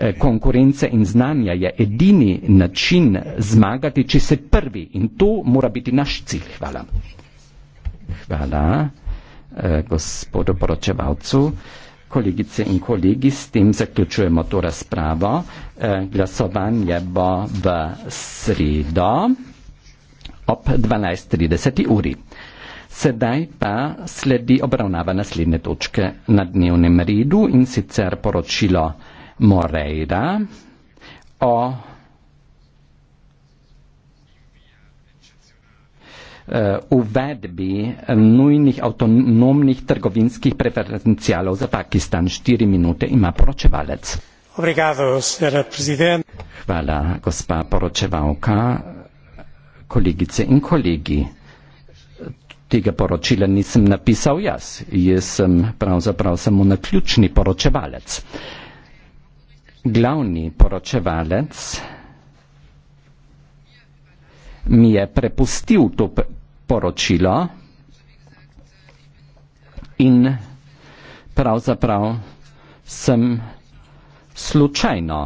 Eh, konkurence in znanja je edini način zmagati, če se prvi in to mora biti naš cilj. Hvala. Hvala eh, gospodu poročevalcu. Kolegice in kolegi, s tem zaključujemo to razpravo. Eh, glasovanje bo v sredo ob 12.30 uri. Sedaj pa sledi obravnava naslednje točke na dnevnem redu in sicer poročilo Moreira o eh, uvedbi nujnih avtonomnih trgovinskih preferencijalov za Pakistan. Štiri minute ima poročevalec. Obrigado, Hvala, gospa poročevalka, kolegice in kolegi. Tega poročila nisem napisal jaz. Jaz sem pravzaprav samo naključni poročevalec. Uh, glavni poročevalec mi je prepustil to poročilo in pravzaprav sem slučajno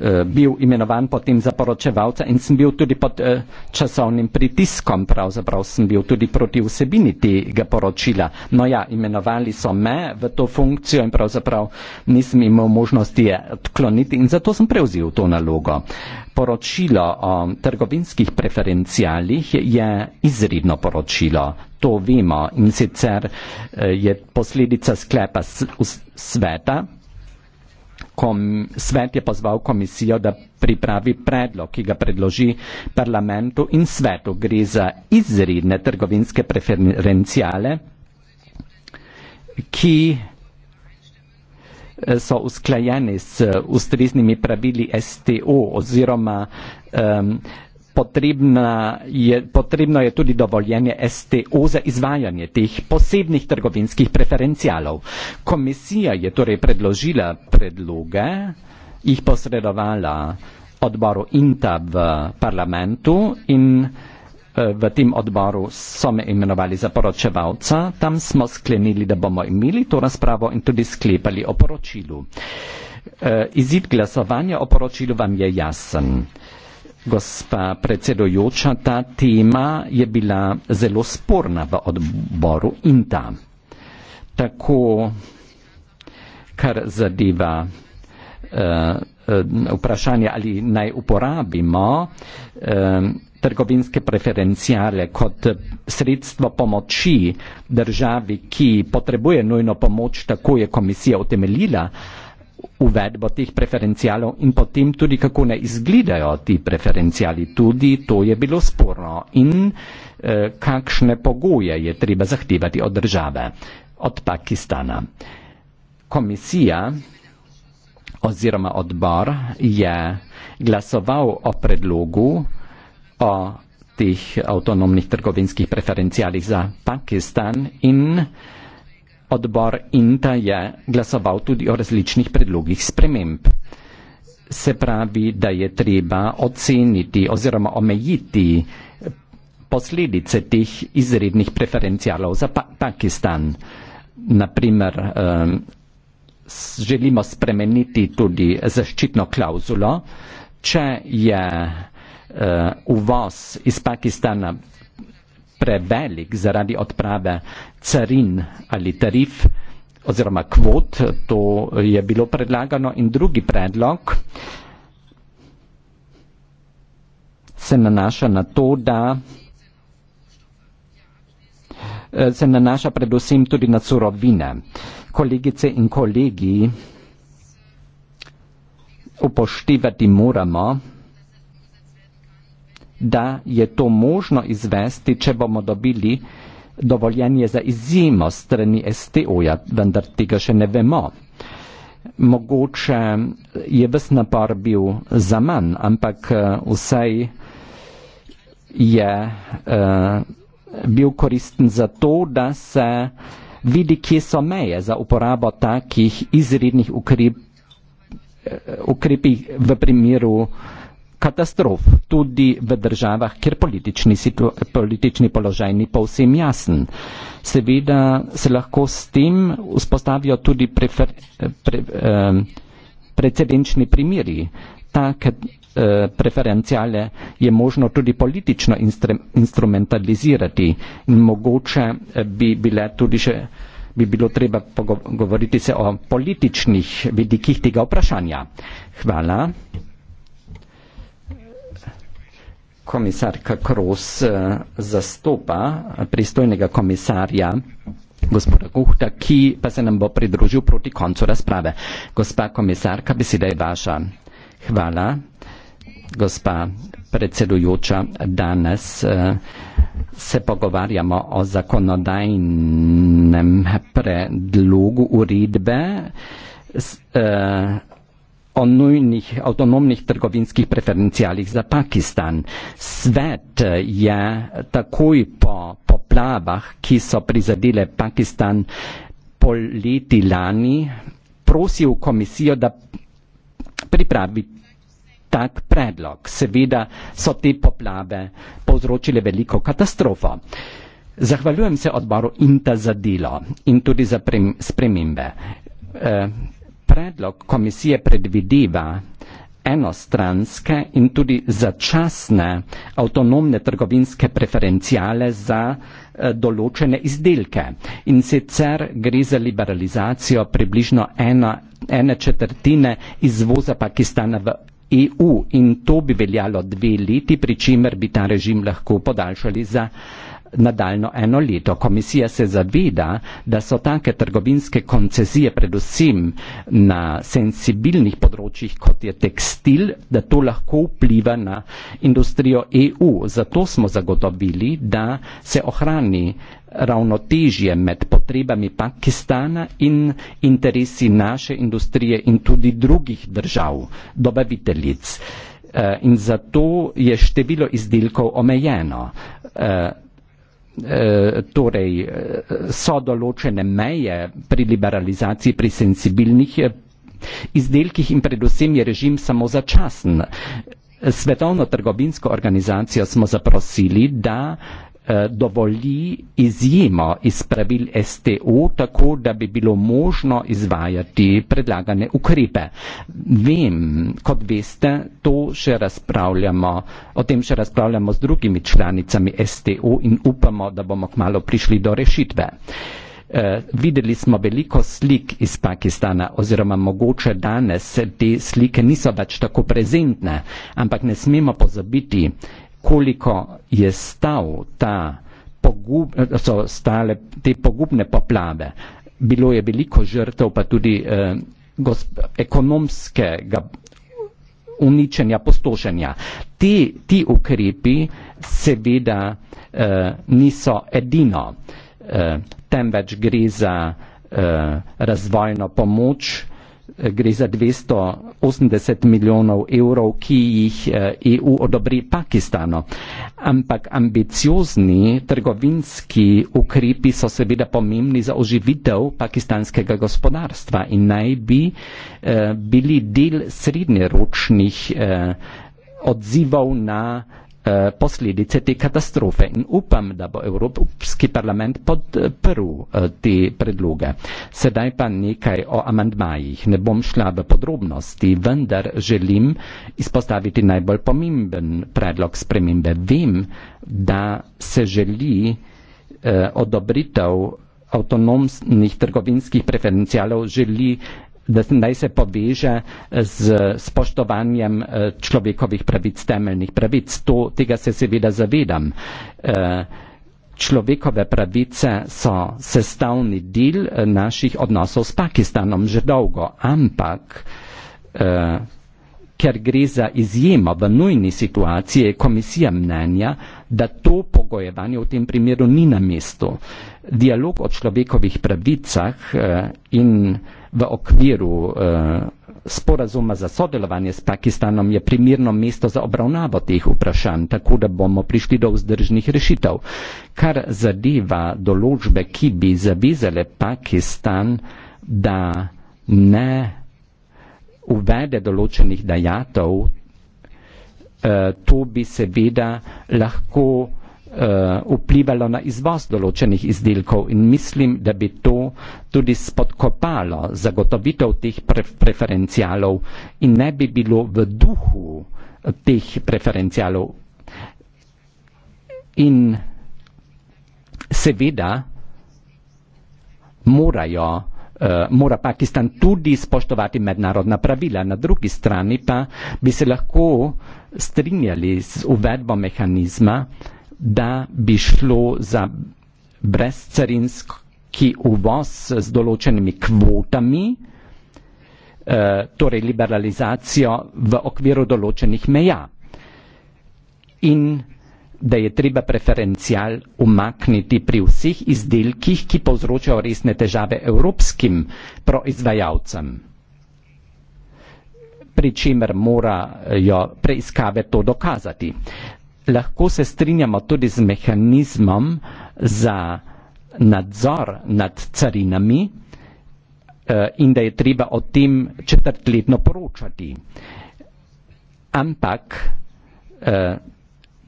Eh, bil imenovan potem za poročevalca in sem bil tudi pod uh, časovnim pritiskom, pravzaprav sem bil tudi proti vsebini tega poročila. No ja, imenovali so me v to funkcijo in pravzaprav nisem imel možnosti je odkloniti in zato sem prevzel to nalogo. Poročilo o trgovinskih preferencijalih je izredno poročilo, to vemo in sicer uh, je posledica sklepa sveta kom, svet je pozval komisijo, da pripravi predlog, ki ga predloži parlamentu in svetu. Gre za izredne trgovinske preferencijale, ki eh, so usklajeni s ustreznimi pravili STO oziroma um, potrebna je, potrebno je tudi dovoljenje STO za izvajanje teh posebnih trgovinskih preferencialov. Komisija je torej predložila predloge, jih posredovala odboru INTA v parlamentu in eh, v tem odboru so me imenovali za poročevalca. Tam smo sklenili, da bomo imeli to razpravo in tudi sklepali o poročilu. Eh, izid glasovanja o poročilu vam je jasen. Gospa predsedujoča, ta tema je bila zelo sporna v odboru in ta. Tako, kar zadeva uh, vprašanje, ali naj uporabimo uh, trgovinske preferencijale kot sredstvo pomoči državi, ki potrebuje nujno pomoč, tako je komisija utemeljila, uh, uvedbo teh preferencijalov in potem tudi kako ne izgledajo ti preferencijali, tudi to je bilo sporno in eh, kakšne pogoje je treba zahtevati od države, od Pakistana. Komisija oziroma odbor je glasoval o predlogu o teh avtonomnih trgovinskih preferencijalih za Pakistan in Odbor INTA je glasoval tudi o različnih predlogih sprememb. Se pravi, da je treba oceniti oziroma omejiti posledice teh izrednih preferencialov za pa Pakistan. Naprimer, eh, želimo spremeniti tudi zaščitno klauzulo, če je eh, uvoz iz Pakistana prevelik zaradi odprave carin ali tarif oziroma kvot, to je bilo predlagano in drugi predlog se nanaša na to, da eh, se nanaša predvsem tudi na surovine. Kolegice in kolegi, upoštevati moramo, da je to možno izvesti, če bomo dobili dovoljenje za izjemo strani STO-ja, vendar tega še ne vemo. Mogoče je ves napor bil za manj, ampak eh, vsaj je uh, bil koristen za to, da se vidi, kje so meje za uporabo takih izrednih ukrep, eh, ukrepih v primeru uh, katastrof, tudi v državah, kjer politični, situ, politični položaj ni povsem jasen. Seveda se lahko s tem vzpostavijo tudi prefer, pre, eh, precedenčni primeri. Take eh, preferencijale je možno tudi politično instru, instrumentalizirati in mogoče eh, bi bile tudi še bi bilo treba pogovoriti se o političnih vidikih tega vprašanja. Hvala komisarka Kroos eh, zastopa pristojnega komisarja gospoda Guhta, ki pa se nam bo pridružil proti koncu razprave. Gospa komisarka, beseda je vaša. Hvala, gospa predsedujoča. Danes eh, se pogovarjamo o zakonodajnem predlogu uredbe. Eh, o nujnih autonomnih trgovinskih preferencijalih za Pakistan. Svet eh, je takoj po poplavah, ki so prizadile Pakistan poleti lani, prosil komisijo, da pripravi tak predlog. Seveda so te poplave povzročile veliko katastrofo. Zahvaljujem se odboru INTA za delo in tudi za spremembe. Uh, predlog komisije predvidiva enostranske in tudi začasne avtonomne trgovinske preferencijale za eh, določene izdelke. In sicer gre za liberalizacijo približno ena, ene četrtine izvoza Pakistana v EU in to bi veljalo dve leti, pri čimer bi ta režim lahko podaljšali za nadaljno eno leto. Komisija se zaveda, da so take trgovinske koncesije predvsem na sensibilnih področjih, kot je tekstil, da to lahko vpliva na industrijo EU. Zato smo zagotovili, da se ohrani ravnotežje med potrebami Pakistana in interesi naše industrije in tudi drugih držav, dobaviteljic. Eh, in zato je število izdelkov omejeno. Eh, Eh, torej eh, so določene meje pri liberalizaciji, pri sensibilnih eh, izdelkih in predvsem je režim samo začasen. Svetovno trgovinsko organizacijo smo zaprosili, da Eh, dovoli izjemo iz pravil STO, tako da bi bilo možno izvajati predlagane ukrepe. Vem, kot veste, še o tem še razpravljamo z drugimi članicami STO in upamo, da bomo kmalo prišli do rešitve. Uh, videli smo veliko slik iz Pakistana oziroma mogoče danes te slike niso več tako prezentne, ampak ne smemo pozabiti, koliko je stal ta pogub, so stale te pogubne poplave. Bilo je veliko žrtev, pa tudi eh, gosp, ekonomskega uničenja, postošenja. Ti, ti ukrepi seveda eh, niso edino, eh, temveč gre za eh, razvojno pomoč, Eh, gre za 280 milijonov evrov, ki jih EU eh, e odobri Pakistanu. Ampak ambiciozni trgovinski ukrepi so seveda pomembni za oživitev pakistanskega gospodarstva in naj bi eh, bili del srednjeročnih eh, odzivov na Eh, posledice te katastrofe in upam, da bo Evropski parlament podprl eh, te predloge. Sedaj pa nekaj o amandmajih. Ne bom šla v podrobnosti, vendar želim izpostaviti najbolj pomemben predlog spremembe. Vem, da se želi eh, odobritev avtonomnih trgovinskih preferencialov želi naj se pobiže z spoštovanjem eh, človekovih pravic, temeljnih pravic. To, tega se seveda zavedam. Eh, človekove pravice so sestavni del eh, naših odnosov s Pakistanom že dolgo, ampak ker gre za izjemo v nujni situaciji, je komisija mnenja, da to pogojevanje v tem primeru ni na mestu. Dialog o človekovih pravicah in v okviru eh, sporazuma za sodelovanje s Pakistanom je primirno mesto za obravnavo teh vprašanj, tako da bomo prišli do vzdržnih rešitev. Kar zadeva določbe, ki bi zavezale Pakistan, da ne uvede določenih dajatov, eh, to bi seveda lahko Eh, vplivalo na izvoz določenih izdelkov in mislim, da bi to tudi spodkopalo zagotovitev teh preferencialov in ne bi bilo v duhu eh, teh preferencialov. In seveda morajo, eh, mora Pakistan tudi spoštovati mednarodna pravila, na drugi strani pa bi se lahko strinjali z uvedbo mehanizma, da bi šlo za brezcarinski uvoz z določenimi kvotami, eh, torej liberalizacijo v okviru določenih meja in da je treba preferencijal umakniti pri vseh izdelkih, ki povzročajo resne težave evropskim proizvajalcem. Pri čemer morajo preiskave to dokazati lahko se strinjamo tudi z mehanizmom za nadzor nad carinami eh, in da je treba o tem četrtletno poročati. Ampak, eh,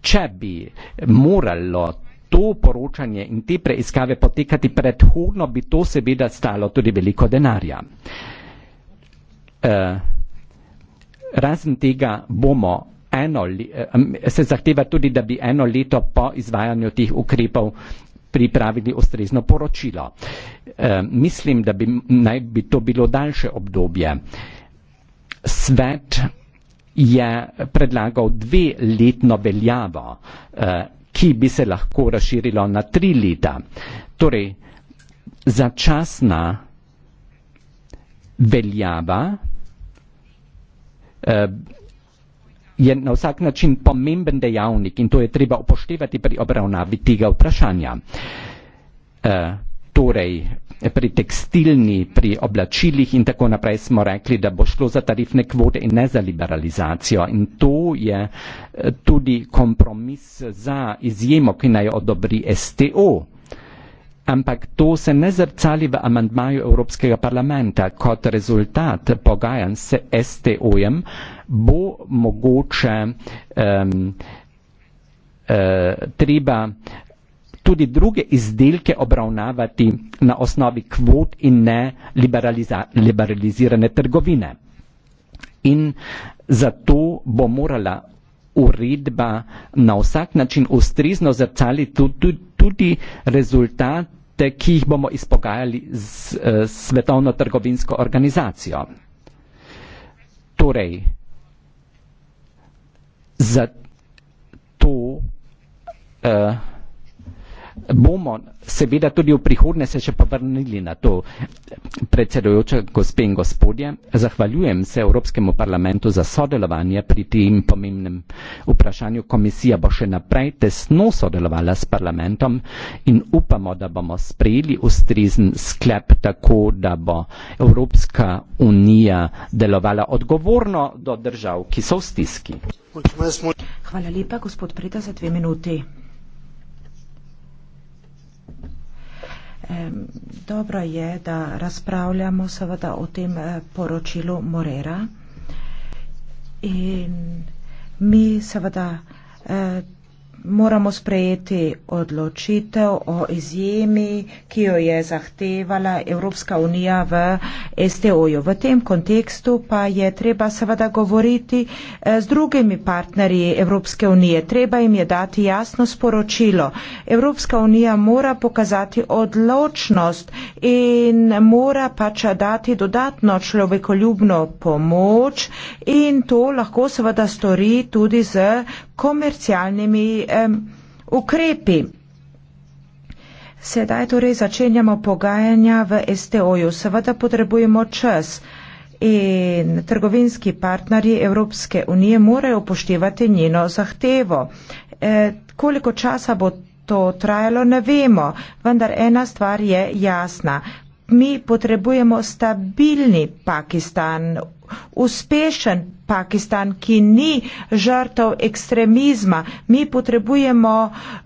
če bi moralo to poročanje in te preiskave potekati predhodno, bi to seveda stalo tudi veliko denarja. Eh, razen tega bomo eno, eh, se zahteva tudi, da bi eno leto po izvajanju teh ukrepov pripravili ustrezno poročilo. E, mislim, da bi naj bi to bilo daljše obdobje. Svet je predlagal dve letno veljavo, e, ki bi se lahko razširilo na tri leta. Torej, začasna veljava e, je na vsak način pomemben dejavnik in to je treba upoštevati pri obravnavi tega vprašanja. E, torej, pri tekstilni, pri oblačilih in tako naprej smo rekli, da bo šlo za tarifne kvote in ne za liberalizacijo. In to je eh, tudi kompromis za izjemo, ki naj odobri STO. Ampak to se ne zrcali v amandmaju Evropskega parlamenta kot rezultat pogajanj s STO-jem, bo mogoče um, uh, treba tudi druge izdelke obravnavati na osnovi kvot in ne liberalizirane trgovine. In zato bo morala uredba na vsak način ustrezno zrcali tudi rezultate, ki jih bomo izpogajali z eh, Svetovno trgovinsko organizacijo. Torej, za to, uh, bomo seveda tudi v prihodnje se še povrnili na to. Predsedujoča gospe in gospodje, zahvaljujem se Evropskemu parlamentu za sodelovanje pri tem pomembnem vprašanju. Komisija bo še naprej tesno sodelovala s parlamentom in upamo, da bomo sprejeli ustrezen sklep tako, da bo Evropska unija delovala odgovorno do držav, ki so v stiski. Hvala lepa, gospod Preda, za dve minuti. Dobro je, da razpravljamo seveda o tem eh, poročilu Morera. In mi seveda eh, moramo sprejeti odločitev o izjemi, ki jo je zahtevala Evropska unija v STO-ju. V tem kontekstu pa je treba seveda govoriti eh, z drugimi partnerji Evropske unije. Treba jim je dati jasno sporočilo. Evropska unija mora pokazati odločnost in mora pač dati dodatno človekoljubno pomoč in to lahko seveda stori tudi z komercialnimi ukrepi. Sedaj torej začenjamo pogajanja v STO-ju. Seveda potrebujemo čas in trgovinski partnerji Evropske unije morajo upoštevati njeno zahtevo. E, koliko časa bo to trajalo, ne vemo, vendar ena stvar je jasna. Mi potrebujemo stabilni Pakistan, uspešen Pakistan, ki ni žrtev ekstremizma. Mi potrebujemo uh,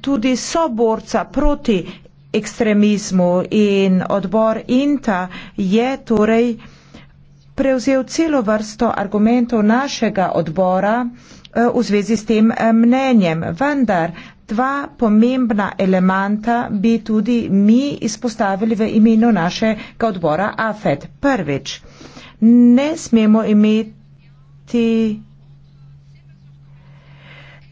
tudi soborca proti ekstremizmu in odbor INTA je torej prevzel celo vrsto argumentov našega odbora eh, v zvezi s tem eh, mnenjem. Vendar dva pomembna elementa bi tudi mi izpostavili v imenu našega odbora AFED. Prvič, ne smemo imeti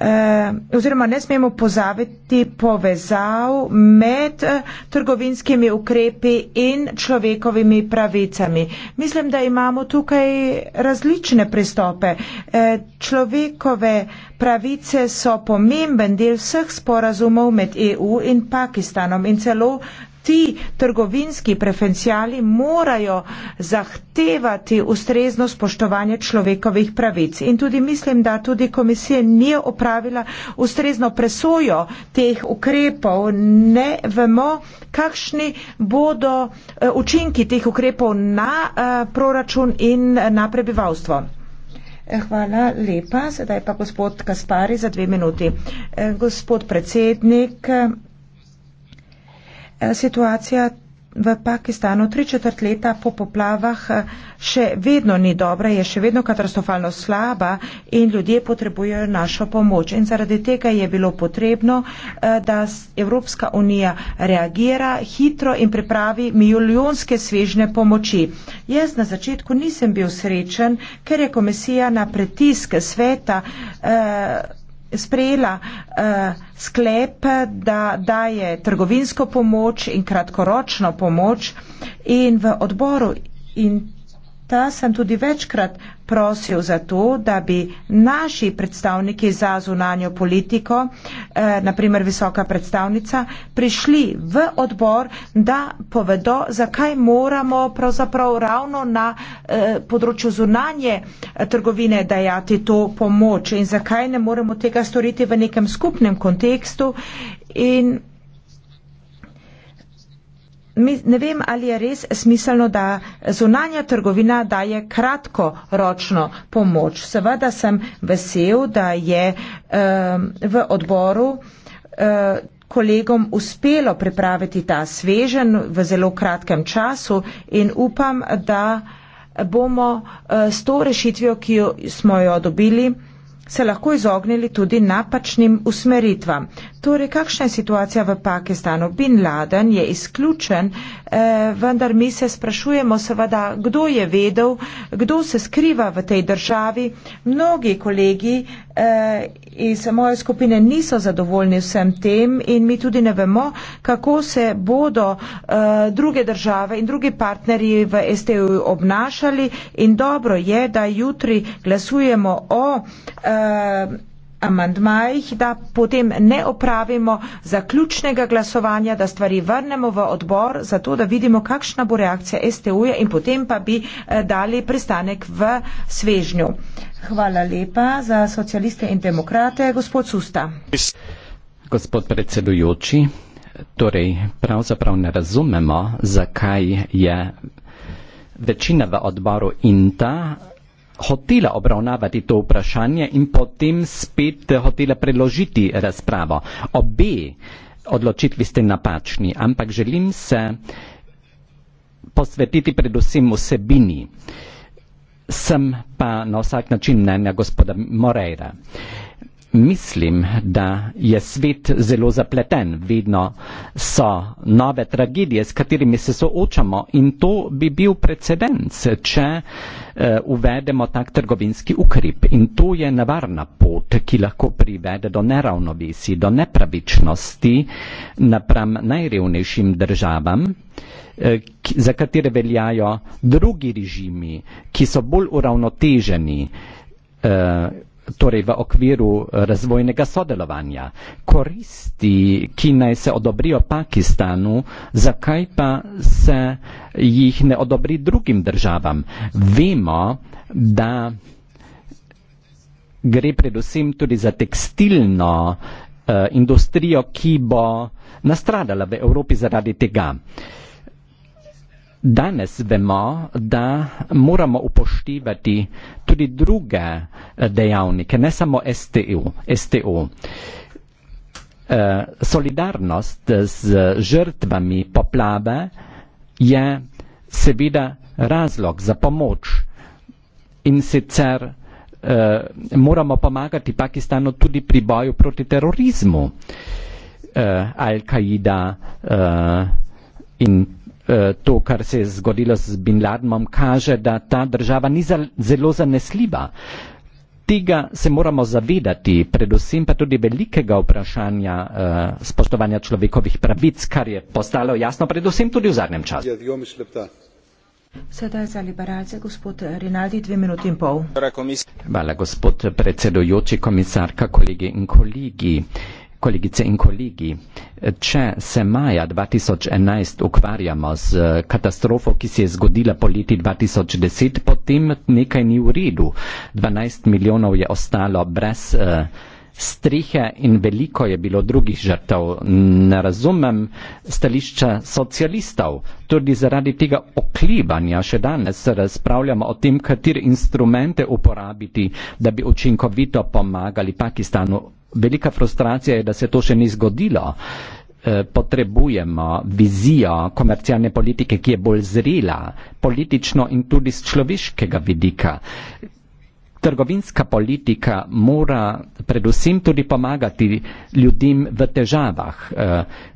Uh, oziroma ne smemo pozaviti povezav med uh, trgovinskimi ukrepi in človekovimi pravicami. Mislim, da imamo tukaj različne pristope. Uh, človekove pravice so pomemben del vseh sporazumov med EU in Pakistanom in celo uh, ti trgovinski preferenciali morajo zahtevati ustrezno spoštovanje človekovih pravic. In tudi mislim, da tudi komisija ni opravila ustrezno presojo teh ukrepov. Ne vemo, kakšni bodo eh, učinki teh ukrepov na eh, proračun in eh, na prebivalstvo. Hvala lepa. Sedaj pa gospod Kaspari za dve minuti. Gospod predsednik, Eh, situacija v Pakistanu tri četrt leta po poplavah eh, še vedno ni dobra, je še vedno katastrofalno slaba in ljudje potrebujejo našo pomoč. In zaradi tega je bilo potrebno, eh, da Evropska unija reagira hitro in pripravi milijonske svežne pomoči. Jaz na začetku nisem bil srečen, ker je komisija na pritisk sveta eh, sprejela uh, sklep, da daje trgovinsko pomoč in kratkoročno pomoč in v odboru in da sem tudi večkrat prosil za to, da bi naši predstavniki za zunanjo politiko, eh, naprimer visoka predstavnica, prišli v odbor, da povedo, zakaj moramo pravzaprav ravno na eh, področju zunanje eh, trgovine dajati to pomoč in zakaj ne moremo tega storiti v nekem skupnem kontekstu. In ne vem, ali je res smiselno, da zunanja trgovina daje kratkoročno pomoč. Seveda sem vesel, da je v odboru eh, kolegom uspelo pripraviti ta svežen v zelo kratkem času in upam, da bomo eh, s to rešitvijo, ki jo smo jo dobili, se lahko izognili tudi napačnim usmeritvam. Torej, kakšna je situacija v Pakistanu? Bin Laden je izključen, eh, vendar mi se sprašujemo seveda, kdo je vedel, kdo se skriva v tej državi. Mnogi kolegi eh, iz moje skupine niso zadovoljni vsem tem in mi tudi ne vemo, kako se bodo uh, druge države in drugi partnerji v STU obnašali in dobro je, da jutri glasujemo o. Uh, amandmajih, da potem ne opravimo zaključnega glasovanja, da stvari vrnemo v odbor, zato da vidimo, kakšna bo reakcija STU-ja in potem pa bi eh, dali pristanek v svežnju. Uh, Hvala lepa za socialiste in demokrate, gospod Susta. Gospod predsedujoči, torej pravzaprav ne razumemo, zakaj je večina v odboru INTA hotela obravnavati to vprašanje in potem spet hotela preložiti razpravo. Obe odločitvi ste napačni, ampak želim se posvetiti predvsem vsebini sem pa na vsak način mnenja gospoda Moreira. Mislim, da je svet zelo zapleten, vedno so nove tragedije, s katerimi se soočamo in to bi bil precedens, če uh, uvedemo tak trgovinski ukrep. In to je nevarna pot, ki lahko privede do neravnovesi, do nepravičnosti napram najrevnejšim državam. Uh, Eh, za katere veljajo drugi režimi, ki so bolj uravnoteženi eh, torej v okviru razvojnega sodelovanja. Koristi, ki naj se odobrijo Pakistanu, zakaj pa se jih ne odobri drugim državam? Vemo, da gre predvsem tudi za tekstilno eh, industrijo, ki bo nastradala v Evropi zaradi tega. Danes vemo, da moramo upoštevati tudi druge eh, dejavnike, ne samo STU. STU. Eh, solidarnost z žrtvami poplave je seveda razlog za pomoč in sicer uh, moramo pomagati Pakistanu tudi pri boju proti terorizmu. Uh, Al-Qaida uh, in Eh, to, kar se je zgodilo z Bin Ladenom, kaže, da ta država ni zelo zanesljiva. Tega se moramo zavedati, predvsem pa tudi velikega vprašanja uh, spoštovanja človekovih pravic, kar je postalo jasno predvsem tudi v zadnjem času. Sedaj za liberalce, gospod Rinaldi, dve minuti in pol. Hvala, gospod predsedujoči, komisarka, kolegi in kolegi. Uh, Kolegice in kolegi, če se maja 2011 ukvarjamo z eh, katastrofo, ki se je zgodila po leti 2010, potem nekaj ni v redu. 12 milijonov je ostalo brez uh, strehe in veliko je bilo drugih žrtev. Ne razumem stališča socialistov. Tudi zaradi tega oklibanja še danes razpravljamo o tem, katere instrumente uporabiti, da bi učinkovito pomagali Pakistanu velika frustracija je, da se to še ni zgodilo. E, potrebujemo vizijo komercialne politike, ki je bolj zrela politično in tudi z človeškega vidika. Trgovinska politika mora predvsem tudi pomagati ljudem v težavah. E,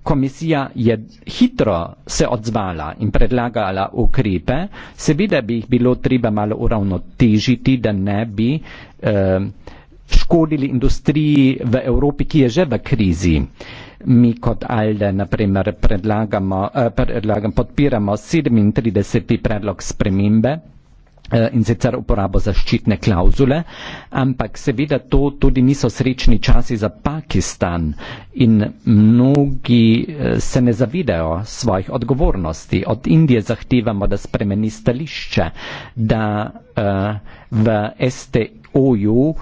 komisija je hitro se odzvala in predlagala ukrepe. Seveda bi jih bilo treba malo uravnotežiti, da ne bi eh, škodili industriji v Evropi, ki je že v krizi. Mi kot ALDE, naprimer, predlagamo, eh, predlagam, podpiramo 37. predlog spremembe eh, in sicer uporabo zaščitne klauzule, ampak seveda to tudi niso srečni časi za Pakistan in mnogi eh, se ne zavidajo svojih odgovornosti. Od Indije zahtevamo, da spremeni stališče, da uh, v STO-ju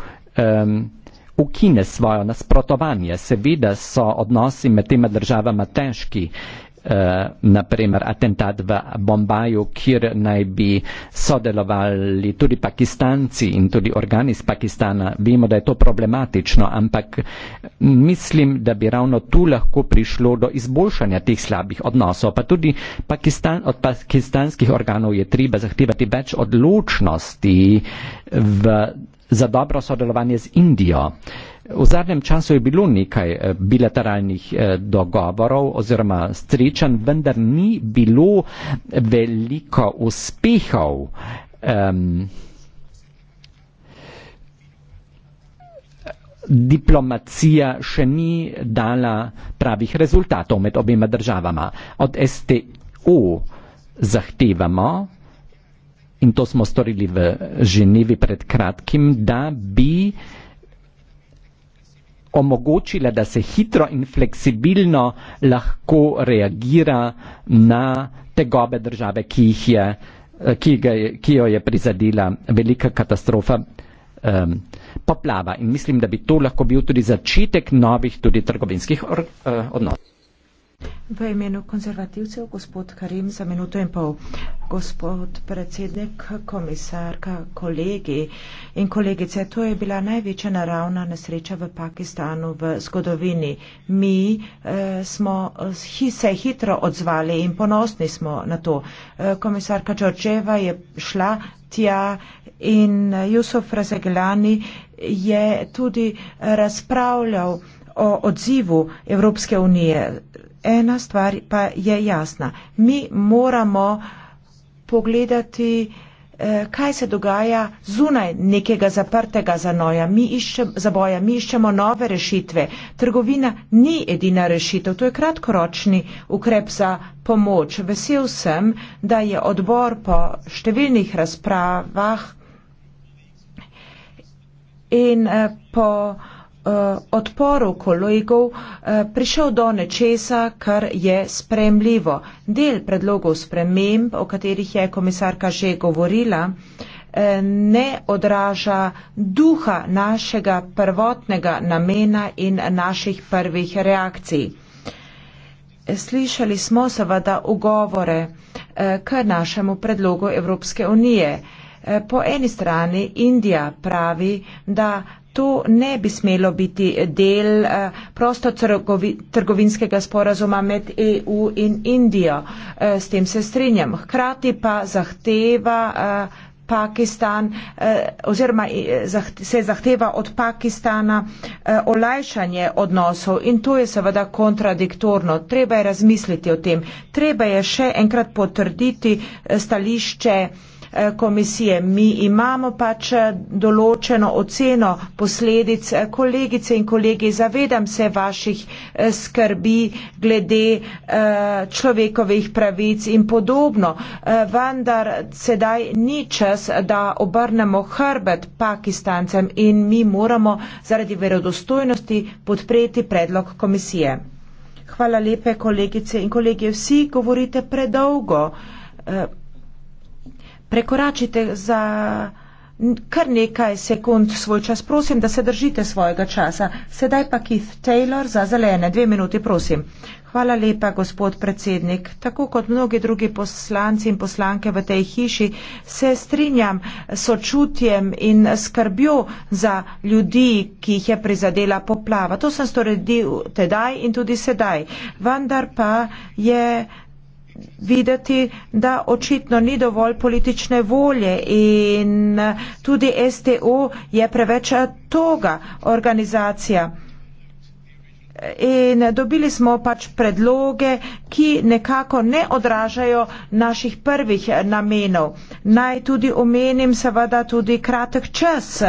um, ukine svojo nasprotovanje. Seveda so odnosi med tema državama težki. Uh, naprimer atentat v Bombaju, kjer naj bi sodelovali tudi pakistanci in tudi organi iz Pakistana. Vemo, da je to problematično, ampak mislim, da bi ravno tu lahko prišlo do izboljšanja teh slabih odnosov. Pa tudi Pakistan, od pakistanskih organov je treba zahtevati več odločnosti v za dobro sodelovanje z Indijo. V zadnjem času je bilo nekaj eh, bilateralnih eh, dogovorov oziroma srečanj, vendar ni bilo veliko uspehov. Um, diplomacija še ni dala pravih rezultatov med obima državama. Od STO zahtevamo, in to smo storili v Ženevi pred kratkim, da bi omogočila, da se hitro in fleksibilno lahko reagira na tegobe države, ki, jih je, ki, ga, ki jo je prizadela velika katastrofa um, poplava. In mislim, da bi to lahko bil tudi začetek novih tudi trgovinskih uh, odnosov. V imenu konzervativcev, gospod Karim, za minuto in pol. Gospod predsednik, komisarka, kolegi in kolegice, to je bila največja naravna nesreča v Pakistanu v zgodovini. Mi eh, smo eh, se hitro odzvali in ponosni smo na to. Eh, komisarka Čorčeva je šla tja in Jusuf eh, Razegelani je tudi razpravljal o odzivu Evropske unije ena stvar pa je jasna. Mi moramo pogledati, eh, kaj se dogaja zunaj nekega zaprtega zanoja, mi iščemo zaboja, mi iščemo nove rešitve. Trgovina ni edina rešitev, to je kratkoročni ukrep za pomoč. Vesel sem, da je odbor po številnih razpravah in eh, po Eh, odporu kolegov eh, prišel do nečesa, kar je spremljivo. Del predlogov sprememb, o katerih je komisarka že govorila, eh, ne odraža duha našega prvotnega namena in naših prvih reakcij. Slišali smo seveda ugovore k našemu predlogu Evropske unije. Po eni strani Indija pravi, da to ne bi smelo biti del eh, prostotrgovinskega sporazuma med EU in Indijo. Eh, s tem se strinjam. Hkrati pa zahteva eh, Pakistan oziroma se zahteva od Pakistana olajšanje odnosov in to je seveda kontradiktorno. Treba je razmisliti o tem. Treba je še enkrat potrditi stališče Eh, komisije. Mi imamo pač eh, določeno oceno posledic. Eh, kolegice in kolegi, zavedam se vaših skrbi glede človekovih pravic in podobno, vendar sedaj ni čas, da obrnemo hrbet pakistancem in mi moramo zaradi verodostojnosti podpreti predlog komisije. Hvala lepe, kolegice in kolegi. Vsi govorite predolgo prekoračite za kar nekaj sekund svoj čas. Prosim, da se držite svojega časa. Sedaj pa Keith Taylor za zelene. Dve minuti, prosim. Hvala lepa, gospod predsednik. Tako kot mnogi drugi poslanci in poslanke v tej hiši, se strinjam s sočutjem in skrbjo za ljudi, ki jih je prizadela poplava. To sem storedil tedaj in tudi sedaj. Vendar pa je videti, da očitno ni dovolj politične volje in tudi STO je preveč toga organizacija. In dobili smo pač predloge, ki nekako ne odražajo naših prvih namenov. Naj tudi omenim seveda tudi kratek čas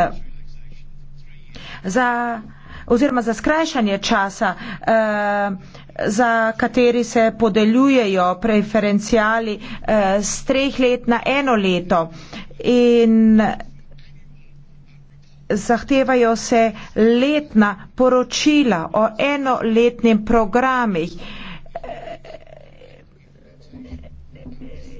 za, oziroma za skrajšanje časa. Uh, za kateri se podeljujejo preferencijali z eh, treh let na eno leto in zahtevajo se letna poročila o enoletnem programih.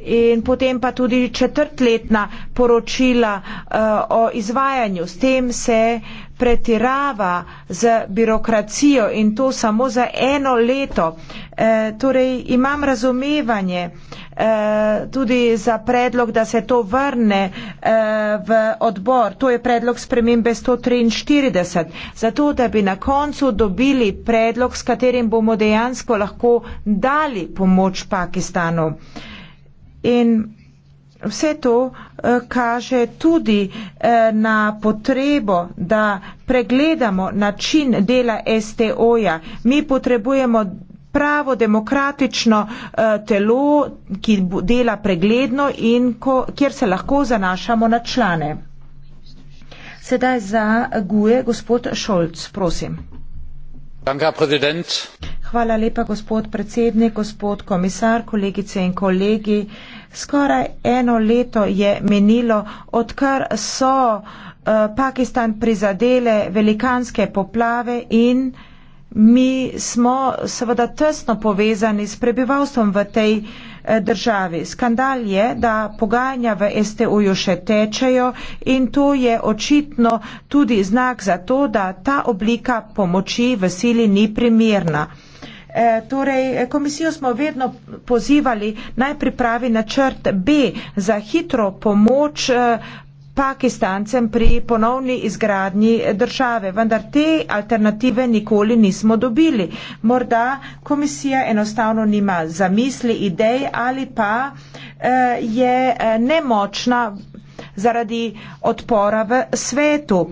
in potem pa tudi četrtletna poročila uh, o izvajanju. S tem se pretirava z birokracijo in to samo za eno leto. E, torej imam razumevanje e, tudi za predlog, da se to vrne e, v odbor. To je predlog spremembe 143. Zato, da bi na koncu dobili predlog, s katerim bomo dejansko lahko dali pomoč Pakistanu. E, In vse to eh, kaže tudi eh, na potrebo, da pregledamo način dela STO-ja. Mi potrebujemo pravo demokratično eh, telo, ki dela pregledno in ko, kjer se lahko zanašamo na člane. Sedaj za Guje, gospod Šolc, prosim. Danke, Herr Präsident. Hvala lepa, gospod predsednik, gospod komisar, kolegice in kolegi. Skoraj eno leto je menilo, odkar so uh, Pakistan prizadele velikanske poplave in mi smo seveda tesno povezani s prebivalstvom v tej uh, državi. Skandal je, da pogajanja v STU-ju še tečejo in to je očitno tudi znak za to, da ta oblika pomoči v sili ni primirna. Eh, torej, komisijo smo vedno pozivali naj pripravi načrt B za hitro pomoč eh, Pakistancem pri ponovni izgradnji države, vendar te alternative nikoli nismo dobili. Morda komisija enostavno nima zamisli, idej ali pa eh, je nemočna zaradi odpora v svetu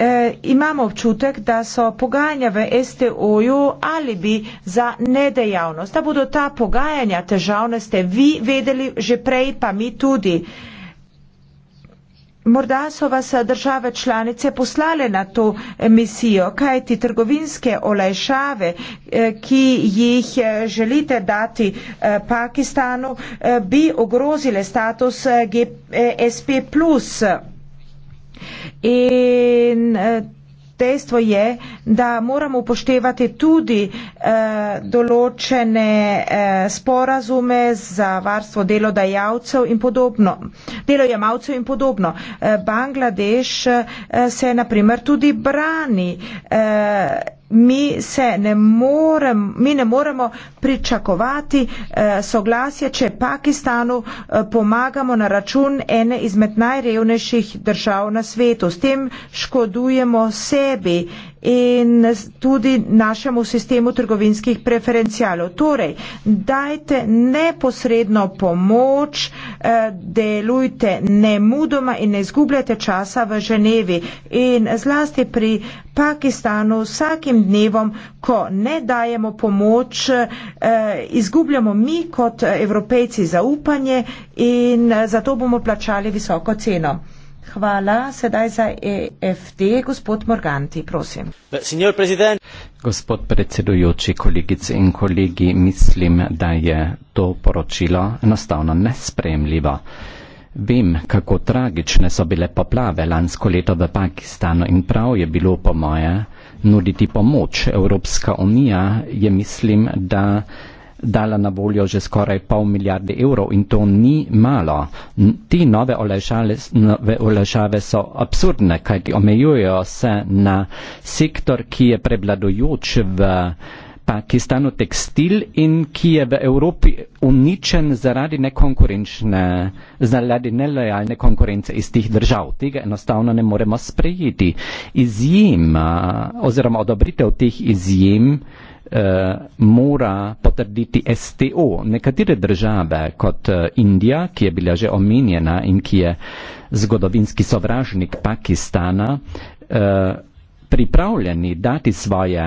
eh, imamo občutek, da so pogajanja v STO-ju ali bi za nedejavnost, da bodo ta pogajanja težavna, ste vi vedeli že prej, pa mi tudi. Morda so vas eh, države članice poslale na to eh, misijo, kaj ti trgovinske olajšave, eh, ki jih želite dati Pakistanu, bi ogrozile status GSP. In eh, dejstvo je, da moramo upoštevati tudi eh, določene eh, sporazume za varstvo delodajalcev in podobno, delojemalcev in podobno. Bangladeš se naprimer tudi brani mi se ne moremo, mi ne moremo pričakovati eh, soglasje, če Pakistanu eh, pomagamo na račun ene izmed najrevnejših držav na svetu. S tem škodujemo sebi in tudi našemu sistemu trgovinskih preferencialov. Torej, dajte neposredno pomoč, eh, delujte nemudoma in ne izgubljate časa v Ženevi. In zlasti pri Pakistanu vsakim dnevom, ko ne dajemo pomoč, eh, izgubljamo mi kot evropejci zaupanje in eh, zato bomo plačali visoko ceno. Hvala, sedaj za EFD, gospod Morganti, prosim. Gospod predsedujoči, kolegice in kolegi, mislim, da je to poročilo enostavno nespremljivo. Vem, kako tragične so bile poplave lansko leto v Pakistanu in prav je bilo po moje nuditi pomoč. Evropska unija je, mislim, da dala na voljo že skoraj pol milijarde evrov in to ni malo. Ti nove olešave, nove olešave so absurdne, kajti omejujejo se na sektor, ki je prevladojoč v Pakistanu tekstil in ki je v Evropi uničen zaradi nekonkurenčne, zaradi nelojalne konkurence iz tih držav. Tega enostavno ne moremo sprejeti. Izjem oziroma odobritev teh izjem eh, mora potrditi STO. Nekatere države, kot eh, Indija, ki je bila že omenjena in ki je zgodovinski sovražnik Pakistana, eh, pripravljeni dati svoje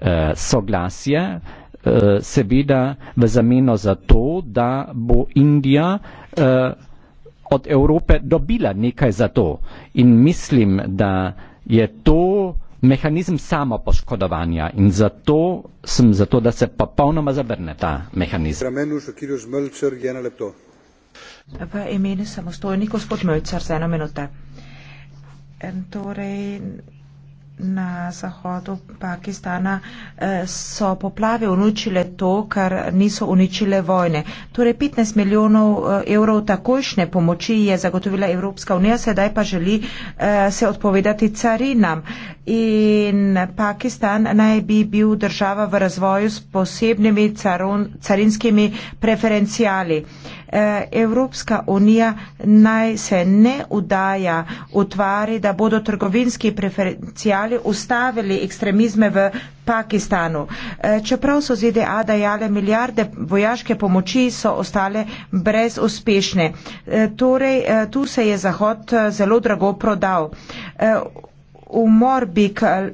eh, soglasje, eh, seveda v zameno za to, da bo Indija eh, od Evrope dobila nekaj za to. In mislim, da je to mehanizem samopoškodovanja in zato sem zato, da se popolnoma zavrne ta mehanizem. V imenu samostojnih gospod Mölcar z eno minuto. Torej, na zahodu Pakistana eh, so poplave uničile to, kar niso uničile vojne. Torej 15 milijonov eh, evrov takojšnje pomoči je zagotovila Evropska unija, sedaj pa želi eh, se odpovedati carinam. In Pakistan naj bi bil država v razvoju s posebnimi carinskimi preferencijali. Evropska unija naj se ne udaja v tvari, da bodo trgovinski preferencijali ustavili ekstremizme v Pakistanu. E, čeprav so ZDA dajale milijarde vojaške pomoči, so ostale brez uspešne. E, torej, e, tu se je Zahod zelo drago prodal. Umor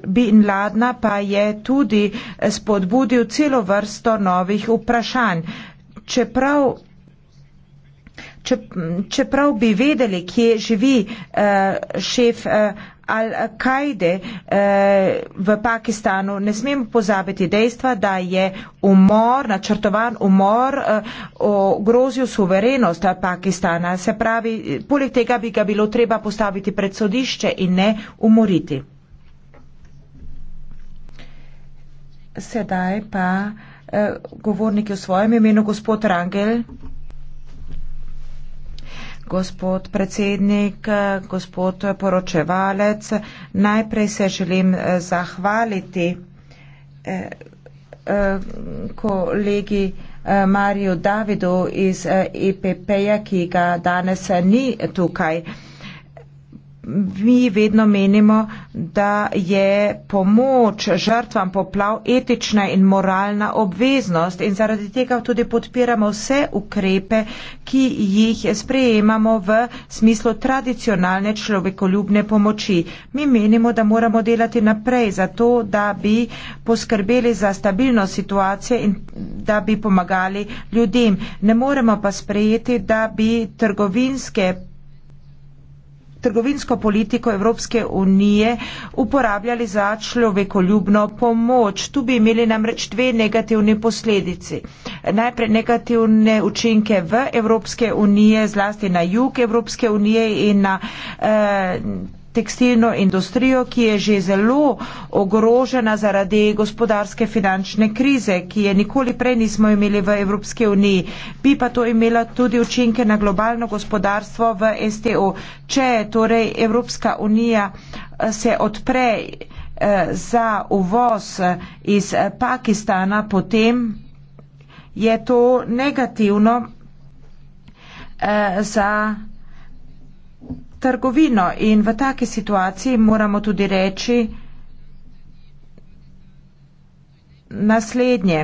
Bin Ladna pa je tudi spodbudil celo vrsto novih vprašanj. Čeprav če, čeprav bi vedeli, kje živi uh, šef. Uh, Al-Kaide eh, v Pakistanu. Ne smemo pozabiti dejstva, da je umor, načrtovan umor, eh, ogrozil suverenost Pakistana. Se pravi, poleg tega bi ga bilo treba postaviti pred sodišče in ne umoriti. Sedaj pa eh, govorniki v svojem imenu, gospod Rangel gospod predsednik, gospod poročevalec. Najprej se želim eh, zahvaliti eh, eh, kolegi Mariju Davidu iz EPP-ja, e ki ga danes ni tukaj mi vedno menimo, da je pomoč žrtvam poplav etična in moralna obveznost in zaradi tega tudi podpiramo vse ukrepe, ki jih sprejemamo v smislu tradicionalne človekoljubne pomoči. Mi menimo, da moramo delati naprej za to, da bi poskrbeli za stabilnost situacije in da bi pomagali ljudem. Ne moremo pa sprejeti, da bi trgovinske trgovinsko politiko Evropske unije uporabljali za človekoljubno pomoč. Tu bi imeli namreč dve negativni posledici. Najprej negativne učinke v Evropske unije, zlasti na jug Evropske unije in na eh, tekstilno industrijo, ki je že zelo ogrožena zaradi gospodarske finančne krize, ki je nikoli prej nismo imeli v Evropske uniji. Bi pa to imela tudi učinke na globalno gospodarstvo v STO. Če torej Evropska unija eh, se odpre eh, za uvoz eh, iz Pakistana, potem je to negativno za trgovino in v taki situaciji moramo tudi reči naslednje.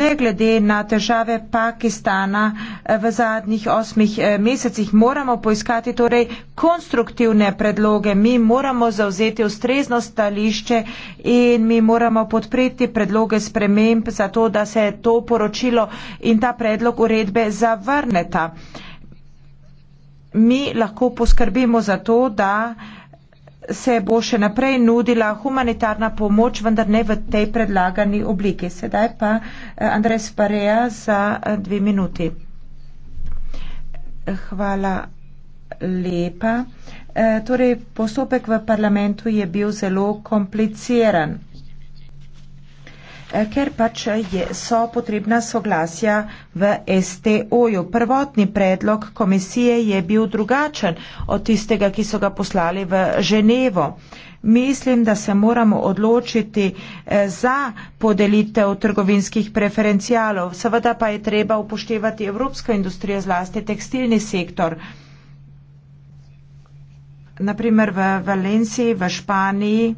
Ne glede na težave Pakistana eh, v zadnjih osmih eh, mesecih moramo poiskati torej konstruktivne predloge, mi moramo zauzeti ustrezno stališče in mi moramo podpreti predloge sprememb za to, da se to poročilo in ta predlog uredbe zavrneta mi lahko poskrbimo za to, da se bo še naprej nudila humanitarna pomoč, vendar ne v tej predlagani obliki. Sedaj pa eh, Andres Pareja za eh, dve minuti. Hvala lepa. E, torej, postopek v parlamentu je bil zelo kompliciran. Eh, ker pač eh, je, so potrebna soglasja v STO-ju. Prvotni predlog komisije je bil drugačen od tistega, ki so ga poslali v Ženevo. Mislim, da se moramo odločiti eh, za podelitev trgovinskih preferencialov. Seveda pa je treba upoštevati evropsko industrijo, zlasti tekstilni sektor. Naprimer v Valenciji, v Španiji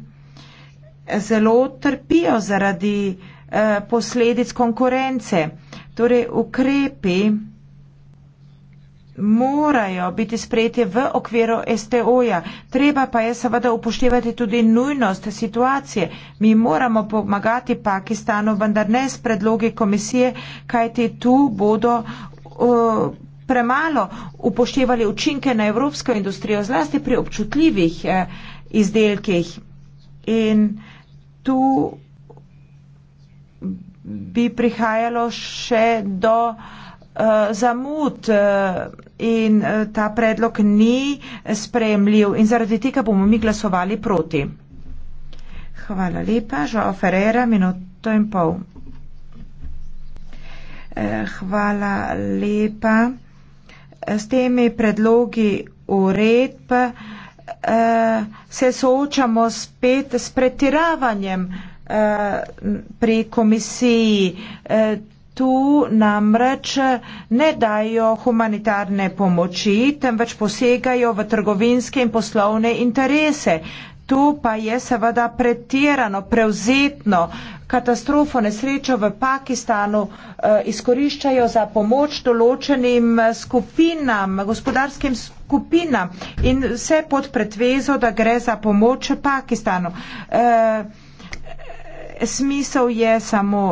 zelo trpijo zaradi eh, posledic konkurence. Torej, ukrepi morajo biti sprejeti v okviru STO-ja. Treba pa je seveda upoštevati tudi nujnost situacije. Mi moramo pomagati Pakistanu, vendar ne s predlogi komisije, kajti tu bodo uh, premalo upoštevali učinke na evropsko industrijo, zlasti pri občutljivih uh, izdelkih. In uh, tu bi prihajalo še do uh, zamud uh, in uh, ta predlog ni spremljiv in zaradi tega bomo mi glasovali proti. Hvala lepa. Žao Ferreira, minuto in pol. Uh, hvala lepa. S temi predlogi uredb uh, Eh, se soočamo spet s pretiravanjem eh, pri komisiji. Eh, tu namreč ne dajo humanitarne pomoči, temveč posegajo v trgovinske in poslovne interese. To pa je seveda pretirano, prevzetno, katastrofo, nesrečo v Pakistanu eh, izkoriščajo za pomoč določenim eh, skupinam, gospodarskim skupinam in vse pod pretvezo, da gre za pomoč Pakistanu. Eh, smisel je samo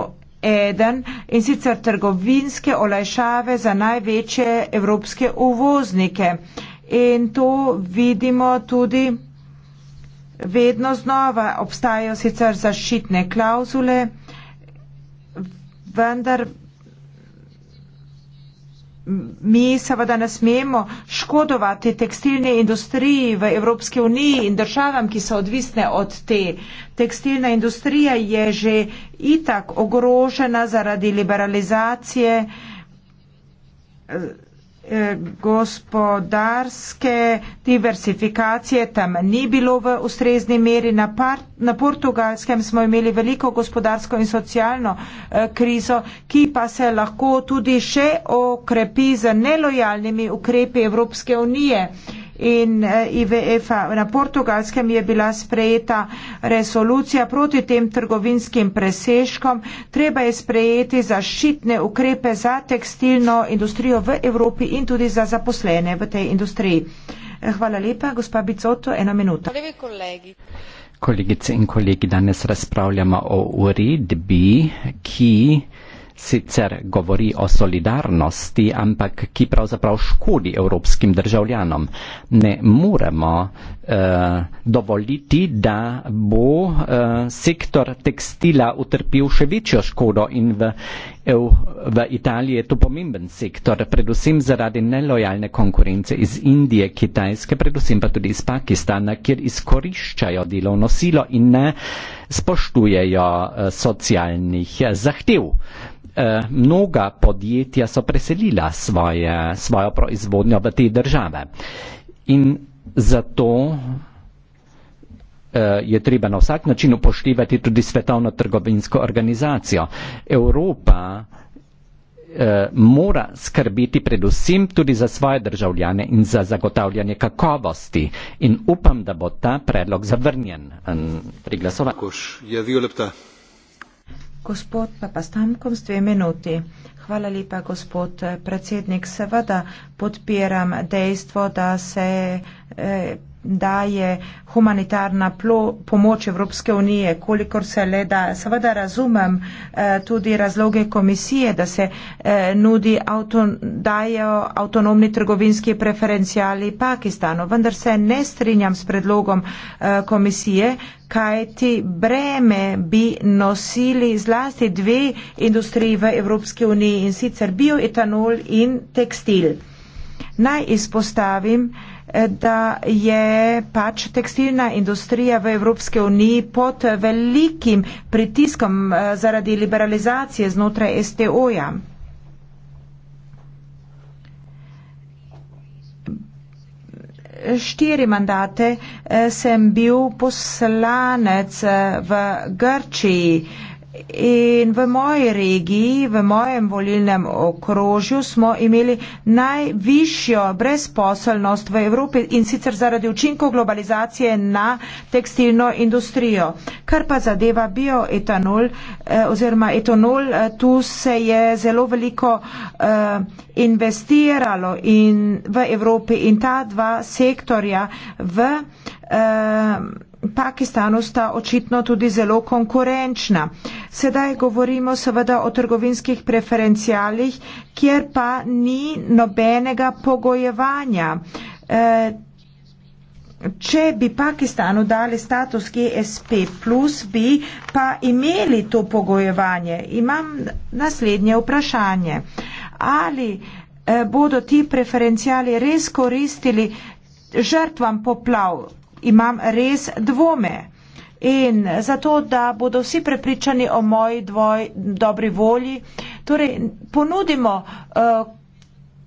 eden in sicer trgovinske olajšave za največje evropske uvoznike. In to vidimo tudi Vedno znova obstajajo sicer zaščitne klauzule, vendar mi seveda ne smemo škodovati tekstilni industriji v Evropski uniji in državam, ki so odvisne od te. Tekstilna industrija je že itak ogrožena zaradi liberalizacije gospodarske diversifikacije tam ni bilo v ustrezni meri. Na, par, na portugalskem smo imeli veliko gospodarsko in socialno eh, krizo, ki pa se lahko tudi še okrepi z nelojalnimi ukrepi Evropske unije. Eh, in eh, IVF na portugalskem je bila sprejeta resolucija proti tem trgovinskim presežkom. Treba je sprejeti zaščitne ukrepe za tekstilno industrijo v Evropi in tudi za zaposlene v tej industriji. Eh, hvala lepa, gospa Bicoto, ena minuta. Kolegice in kolegi, danes razpravljamo o uredbi, ki sicer govori o solidarnosti, ampak ki pravzaprav škodi evropskim državljanom. Ne moremo eh, dovoliti, da bo eh, sektor tekstila utrpel še večjo škodo in v EU, v Italiji je to pomemben sektor, predvsem zaradi nelojalne konkurence iz Indije, Kitajske, predvsem pa tudi iz Pakistana, kjer izkoriščajo delovno silo in ne spoštujejo uh, socialnih eh, zahtev. Eh, mnoga podjetja so preselila svoje, svojo proizvodnjo v te države. In zato Eh, je treba na vsak način upoštevati tudi svetovno trgovinsko organizacijo. Evropa eh, mora skrbeti predvsem tudi za svoje državljane in za zagotavljanje kakovosti. In upam, da bo ta predlog zavrnjen pri glasovanju. Ja, gospod Papastamkom, dve minuti. Hvala lepa, gospod eh, predsednik. Seveda podpiram dejstvo, da se eh, daje humanitarna plo, pomoč Evropske unije, kolikor se le da. Seveda razumem eh, tudi razloge komisije, da se eh, nudi avton, dajo avtonomni trgovinski preferencijali Pakistanu, vendar se ne strinjam s predlogom eh, komisije, kaj ti breme bi nosili zlasti dve industriji v Evropske uniji in sicer bioetanol in tekstil. Naj izpostavim, da je pač tekstilna industrija v Evropske uniji pod velikim pritiskom eh, zaradi liberalizacije znotraj STO-ja. Štiri mandate eh, sem bil poslanec eh, v Grčiji. In v moji regiji, v mojem volilnem okrožju smo imeli najvišjo brezposelnost v Evropi in sicer zaradi učinkov globalizacije na tekstilno industrijo. Kar pa zadeva bioetanol eh, oziroma etanol, eh, tu se je zelo veliko eh, investiralo in v Evropi in ta dva sektorja v Pakistanu sta očitno tudi zelo konkurenčna. Sedaj govorimo seveda o trgovinskih preferencijalih, kjer pa ni nobenega pogojevanja. E, če bi Pakistanu dali status GSP, bi pa imeli to pogojevanje. Imam naslednje vprašanje. Ali e, bodo ti preferencijali res koristili žrtvam poplav? imam res dvome. In zato, da bodo vsi prepričani o moji dvoj dobri volji, torej ponudimo uh,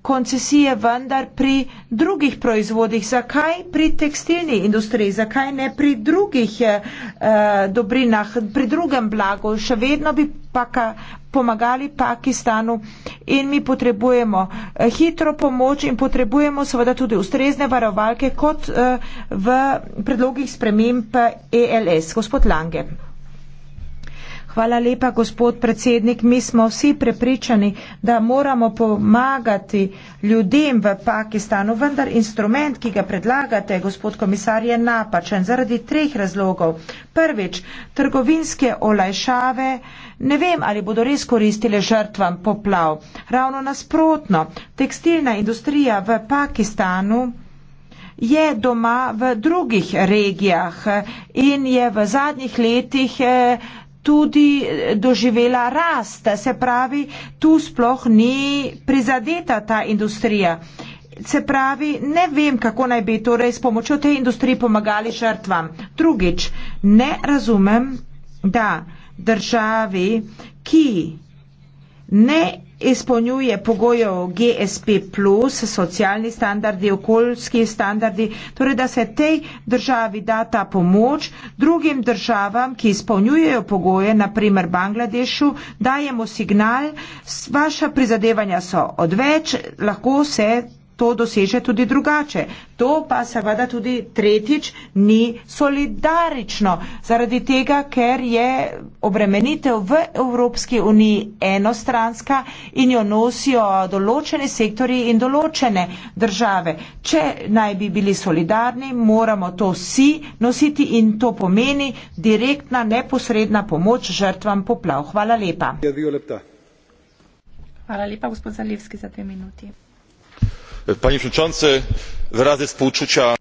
koncesije vendar pri drugih proizvodih. Zakaj pri tekstilni industriji, zakaj ne pri drugih eh, dobrinah, pri drugem blagu, še vedno bi paka, pomagali Pakistanu in mi potrebujemo eh, hitro pomoč in potrebujemo seveda tudi ustrezne varovalke kot eh, v predlogih sprememb ELS. Gospod Lange. Hvala lepa, gospod predsednik. Mi smo vsi prepričani, da moramo pomagati ljudem v Pakistanu, vendar instrument, ki ga predlagate, gospod komisar, je napačen zaradi treh razlogov. Prvič, trgovinske olajšave ne vem, ali bodo res koristile žrtvam poplav. Ravno nasprotno, tekstilna industrija v Pakistanu je doma v drugih regijah in je v zadnjih letih eh, tudi doživela rast. Se pravi, tu sploh ni prizadeta ta industrija. Se pravi, ne vem, kako naj bi torej s pomočjo te industrije pomagali žrtvam. Drugič, ne razumem, da državi, ki ne izpolnjuje pogoje GSP, socialni standardi, okoljski standardi, torej da se tej državi da ta pomoč, drugim državam, ki izpolnjujejo pogoje, naprimer Bangladešu, dajemo signal, vaša prizadevanja so odveč, lahko se to doseže tudi drugače. To pa seveda tudi tretjič ni solidarično, zaradi tega, ker je obremenitev v Evropski uniji enostranska in jo nosijo določene sektori in določene države. Če naj bi bili solidarni, moramo to vsi nositi in to pomeni direktna, neposredna pomoč žrtvam poplav. Hvala lepa. Ja, Hvala lepa, gospod Zalivski, za dve minuti panie przewodniczący wyrazy współczucia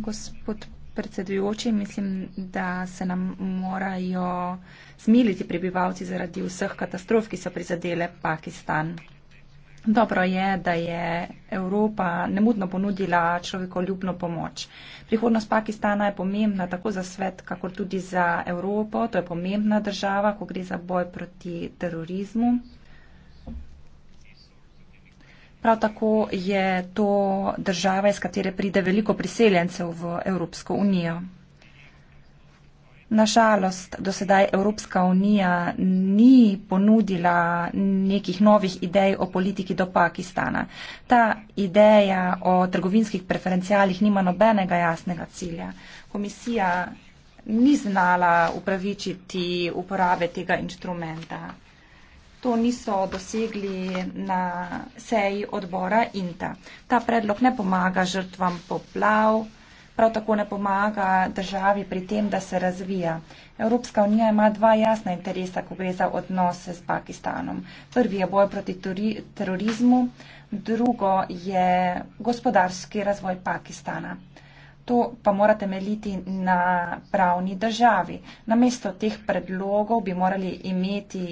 gospod predsedujoči mislim da se nam morajo zmiliti prebivalci zaradi vseh katastrof ki so prizadele pakistan dobro je da je evropa nemudno ponudila človekoljubno pomoč prihodnost pakistana je pomembna tako za svet kakor tudi za evropo to je pomembna država ko gre za boj proti terorizmu Prav tako je to država, iz katere pride veliko priseljencev v Evropsko unijo. Nažalost, do sedaj Evropska unija ni ponudila nekih novih idej o politiki do Pakistana. Ta ideja o trgovinskih preferencijalih nima nobenega jasnega cilja. Komisija ni znala upravičiti uporabe tega inštrumenta. To niso dosegli na seji odbora INTA. Ta predlog ne pomaga žrtvam poplav, prav tako ne pomaga državi pri tem, da se razvija. Evropska unija ima dva jasna interesa, ko gre za odnose s Pakistanom. Prvi je boj proti terorizmu, drugo je gospodarski razvoj Pakistana. To pa mora temeljiti na pravni državi. Namesto teh predlogov bi morali imeti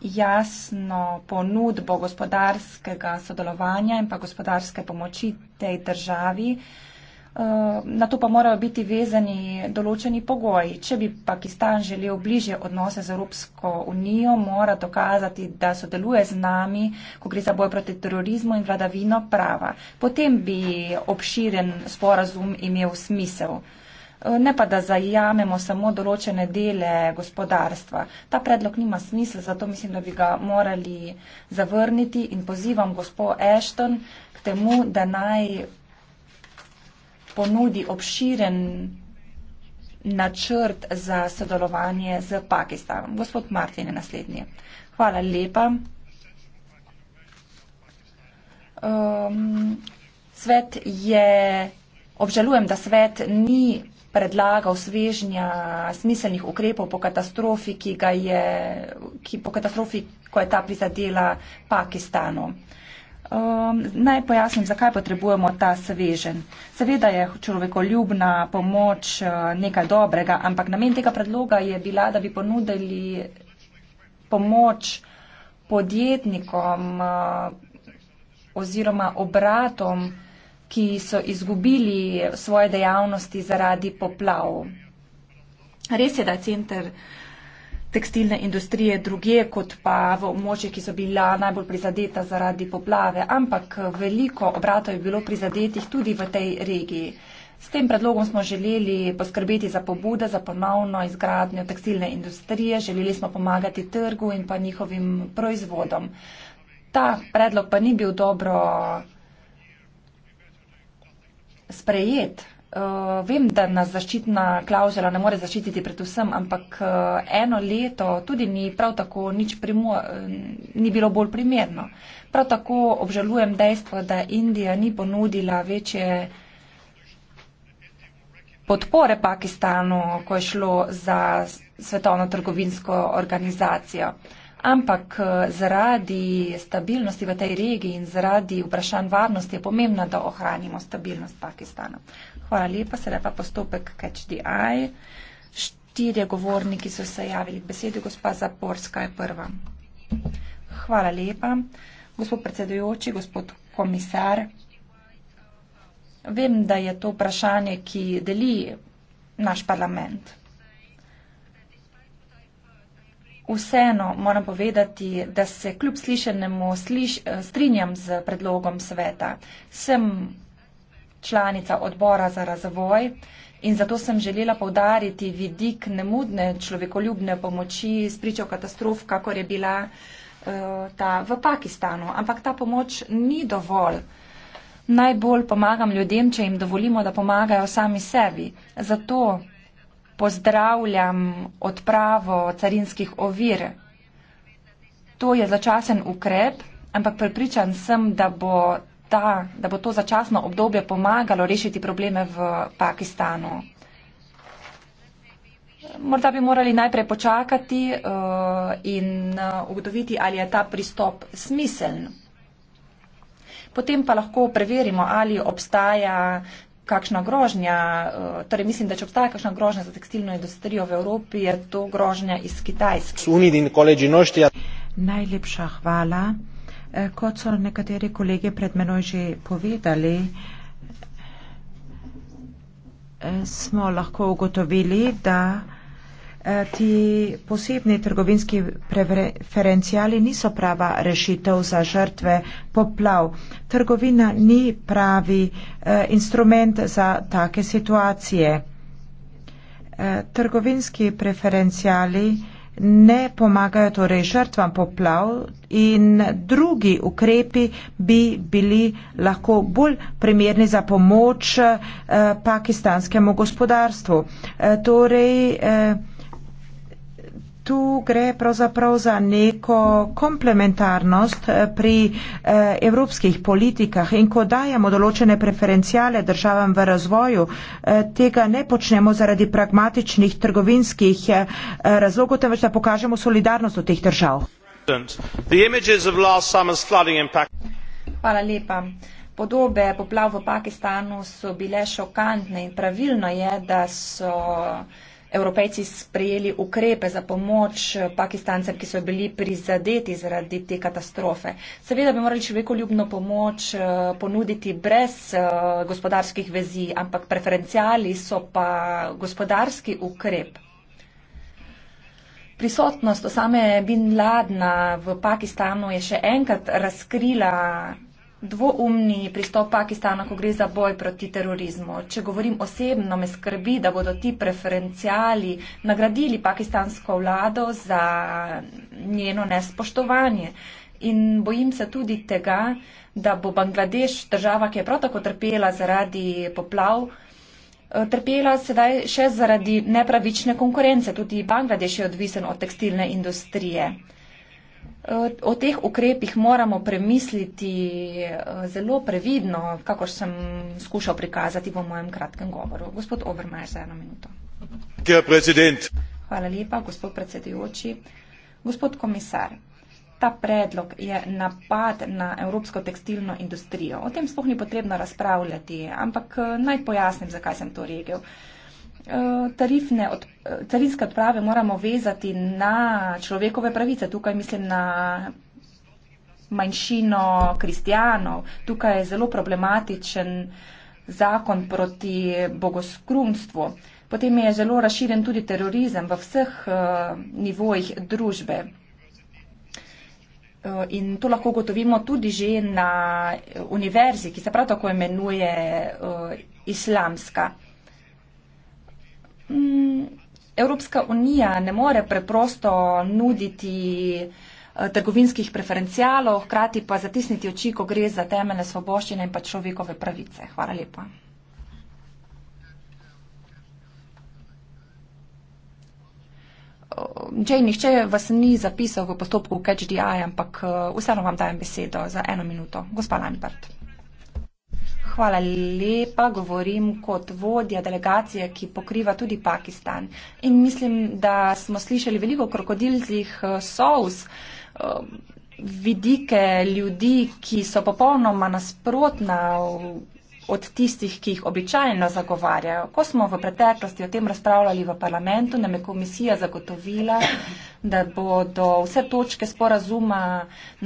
jasno ponudbo gospodarskega sodelovanja in pa gospodarske pomoči tej državi. Eh, na to pa morajo biti vezani določeni pogoji. Če bi Pakistan želel bližje odnose z Evropsko unijo, mora dokazati, da sodeluje z nami, ko gre za boj proti terorizmu in vladavino prava. Potem bi obširen sporazum imel smisel. Eh, ne pa, da zajamemo samo določene dele gospodarstva. Ta predlog nima smisla, zato mislim, da bi ga morali zavrniti in pozivam gospod Ashton k temu, da naj ponudi obširen načrt za sodelovanje z Pakistanom. Gospod Martin je naslednji. Hvala lepa. Um, svet je, obžalujem, da svet ni predlagal svežnja smiselnih ukrepov po katastrofi, ki ga je, ki, po katastrofi, ko je ta prizadela Pakistanu. Um, naj pojasnim, zakaj potrebujemo ta svežen. Seveda je človekoljubna pomoč uh, nekaj dobrega, ampak namen tega predloga je bila, da bi ponudili pomoč podjetnikom uh, oziroma obratom, ki so izgubili svoje dejavnosti zaradi poplav. Res je, da je center tekstilne industrije druge kot pa v območjih, ki so bila najbolj prizadeta zaradi poplave, ampak veliko obratov je bilo prizadetih tudi v tej regiji. S tem predlogom smo želeli poskrbeti za pobude za ponovno izgradnjo tekstilne industrije, želeli smo pomagati trgu in pa njihovim proizvodom. Ta predlog pa ni bil dobro sprejet. Uh, vem, da nas zaščitna klauzula ne more zaščititi predvsem, ampak uh, eno leto tudi ni prav tako nič primo, eh, ni bilo bolj primerno. Prav tako obžalujem dejstvo, da Indija ni ponudila večje podpore Pakistanu, ko je šlo za svetovno trgovinsko organizacijo. Uh, ampak eh, zaradi stabilnosti v tej regiji in zaradi vprašanj varnosti je pomembno, da ohranimo stabilnost Pakistana. Hvala lepa, sedaj pa postopek Catch the Eye. Štirje govorniki so se javili k besedi, gospa Zaporska je prva. Hvala lepa, gospod predsedujoči, gospod komisar. Vem, da je to vprašanje, ki deli naš parlament. Vseeno moram povedati, da se kljub slišenemu sliš, strinjam z predlogom sveta. Sem članica odbora za razvoj in zato sem želela povdariti vidik nemudne človekoljubne pomoči s pričo katastrof, kakor je bila eh, ta v Pakistanu. Ampak ta pomoč ni dovolj. Najbolj pomagam ljudem, če jim dovolimo, da pomagajo sami sebi. Zato pozdravljam odpravo carinskih ovir. To je začasen ukrep, ampak pripričan sem, da bo, ta, da bo to začasno obdobje pomagalo rešiti probleme v Pakistanu. Morda bi morali najprej počakati uh, in eh, ugotoviti, ali je ta pristop smiseln. Potem pa lahko preverimo, ali obstaja kakšna grožnja, eh, torej mislim, da če obstaja kakšna grožnja za tekstilno industrijo v Evropi, je to grožnja iz Kitajske. Ja. Najlepša hvala. Eh, kot so nekateri kolege pred menoj že povedali, eh, smo lahko ugotovili, da ti posebni trgovinski preferencijali niso prava rešitev za žrtve poplav. Trgovina ni pravi eh, instrument za take situacije. Eh, trgovinski preferencijali ne pomagajo torej žrtvam poplav in drugi ukrepi bi bili lahko bolj primerni za pomoč eh, pakistanskemu gospodarstvu. Eh, torej, eh, tu gre pravzaprav za neko komplementarnost eh, pri eh, evropskih politikah in ko dajemo določene preferencijale državam v razvoju, eh, tega ne počnemo zaradi pragmatičnih trgovinskih razlogov, temveč da pokažemo solidarnost do teh držav. Hvala lepa. Podobe poplav v Pakistanu so bile šokantne in pravilno je, da so evropejci sprejeli ukrepe za pomoč eh, pakistancem, ki so bili prizadeti zaradi te katastrofe. Seveda bi morali človekoljubno pomoč eh, ponuditi brez eh, gospodarskih vezi, ampak preferencijali so pa gospodarski ukrep. Prisotnost osame Bin Ladna v Pakistanu je še enkrat razkrila dvoumni pristop Pakistana, ko gre za boj proti terorizmu. Če govorim osebno, me skrbi, da bodo ti preferencijali nagradili pakistansko vlado za njeno nespoštovanje. In bojim se tudi tega, da bo Bangladeš, država, ki je prav tako trpela zaradi poplav, eh, trpela sedaj še zaradi nepravične konkurence. Tudi Bangladeš je odvisen od tekstilne industrije. O teh ukrepih moramo premisliti eh, zelo previdno, kako sem skušal prikazati v mojem kratkem govoru. Gospod Obermeier, za eno minuto. Hvala lepa, gospod predsedujoči. Gospod komisar, ta predlog je napad na evropsko tekstilno industrijo. O tem sploh ni potrebno razpravljati, ampak eh, naj pojasnim, zakaj sem to rekel. Eh, tarifne, od, eh, carinske odprave moramo vezati na človekove pravice. Tukaj mislim na manjšino kristijanov. Tukaj je zelo problematičen zakon proti bogoskrumstvu. Potem je zelo raširjen tudi terorizem v vseh uh, nivojih družbe. In to lahko gotovimo tudi že na univerzi, ki se prav tako imenuje uh, islamska. Mm, Evropska unija ne more preprosto nuditi eh, trgovinskih preferencialov, hkrati pa zatisniti oči, ko gre za temeljne svoboščine in pa človekove pravice. Hvala lepa. Jane, nihče vas ni zapisal v postopku Catch the Eye, ampak eh, vseeno vam dajem besedo za eno minuto. Gospa Lambert. Hvala lepa. Govorim kot vodja delegacije, ki pokriva tudi Pakistan. In mislim, da smo slišali veliko krokodilzih eh, sous eh, vidike ljudi, ki so popolnoma nasprotna od tistih, ki jih običajno zagovarjajo. Ko smo v preteklosti o tem razpravljali v parlamentu, nam je komisija zagotovila, da bodo vse točke sporazuma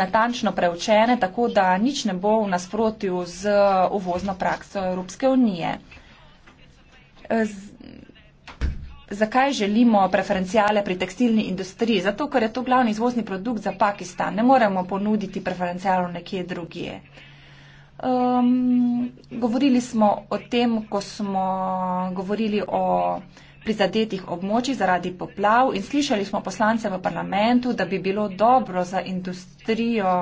natančno preučene, tako da nič ne bo v nasprotju z uvozno prakso Evropske unije. Z Zakaj želimo preferencijale pri tekstilni industriji? Zato, ker je to glavni izvozni produkt za Pakistan. Ne moremo ponuditi preferencijalov nekje drugje. Um, govorili smo o tem, ko smo govorili o prizadetih območjih zaradi poplav in slišali smo poslance v parlamentu, da bi bilo dobro za industrijo,